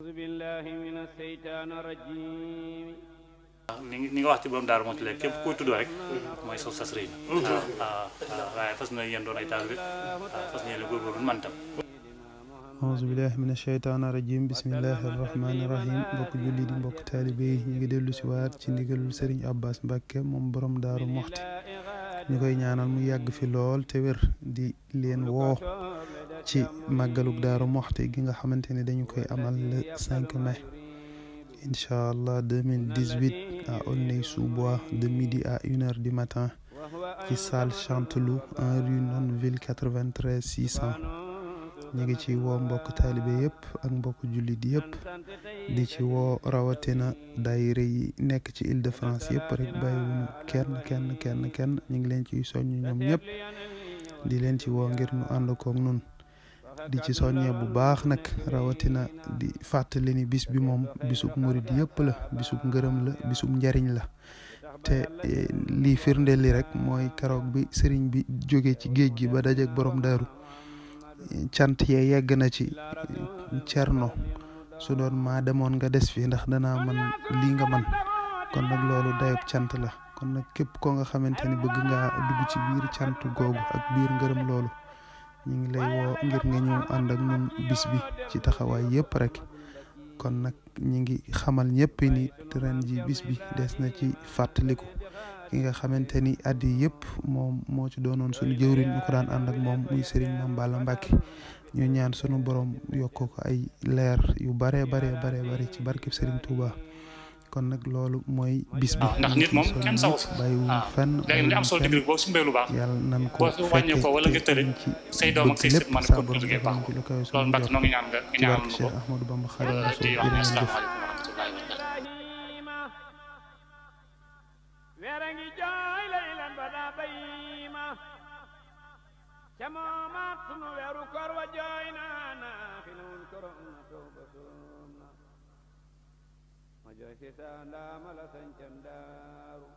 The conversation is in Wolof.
Ah, ni nga wax ci borom daaru moom ci léegi képp kuy tudd na waaw mhm. ah, ah, waaye fas na yéen na yéen julli di mbokk taalibe yi ñu ngi dellu si waat ci ndigalul sëriñ abbas mbàkke moom borom daaru moxti ñu koy ñaanal mu yàgg fi lool te di leen woo ci màggalug daaru moxti gi nga xamante ne dañu koy amal le 5 mai incha allah 2018 à Aulnay-sous-Bois de midi à une heure du matin ci salle Chanteloup 1 rue Nonville 93 600 ñu ngi ci woo mbokk taalibe yëpp ak mbokk jullit yëpp di ci woo rawatina daayira yi nekk ci Île de France yëpp rek bàyyiwuñu kenn kenn kenn kenn ñu ngi leen ciy soññ ñoom ñëpp di leen ci woo ngir nu ànd koog nun di ci soññee bu baax nag rawatina di fàttali ni moom bisub murid yëpp la bisub ngërëm la bisub njariñ la te eh, lii firnde li rek mooy karoog bi sëriñ bi jóge ci géej gi ba dajeek borom daaru cant yee yegg na ci cerno su doon maa demoon nga des fii ndax danaa man lii nga man kon nag loolu dayub cant la kon nag képp koo nga xamante ni bëgg nga dugg ci biir cant googu ak biir ngërëm loolu ñu ngi lay woo ngir nga ñëw ànd ak ñun ci taxawaay yëpp rek kon nag ñi ngi xamal ñëpp ni ren ji bis bi des na ci fàttaliku yi nga xamante ni at yi yëpp moom moo ci doonoon sunu jëwriñ ñu ko daan ànd moom muy Serigne Mame Balla Mbacke ñu ñaan sunu boroom yokk ko ay leer yu bare bare bare bare ci barki Serigne Touba kon nag loolu mooy bis bi. Ah, ndax nit ah, nan ko wàññee ko wala nga ko liggéey baax ko loolu mbàkk noo ngi ñaan nga ñaan ko leera ngi jooy laylan ba daa bayima ca moomaat sunu weeru wa jooy naa naa xilawul korom na tooba ma jooy si saa ndaama la sañcan daaru